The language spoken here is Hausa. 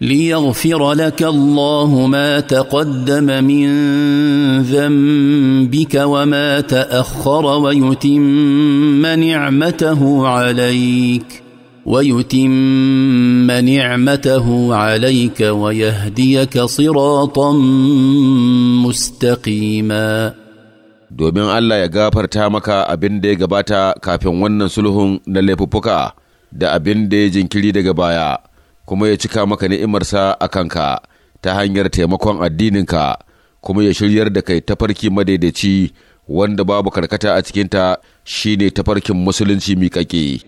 ليغفر لك الله ما تقدم من ذنبك وما تاخر ويتم نعمته عليك ويتم نعمته عليك ويهديك صراطا مستقيما domin Allah ya gafarta maka abin da ya gabata kafin wannan sulhun na laifuffuka da abin da ya jinkiri daga baya kuma ya cika maka ni'imarsa a kanka ta hanyar taimakon addininka kuma ya shiryar da kai tafarki madaidaici wanda babu karkata a cikinta shine tafarkin musulunci miƙaƙe.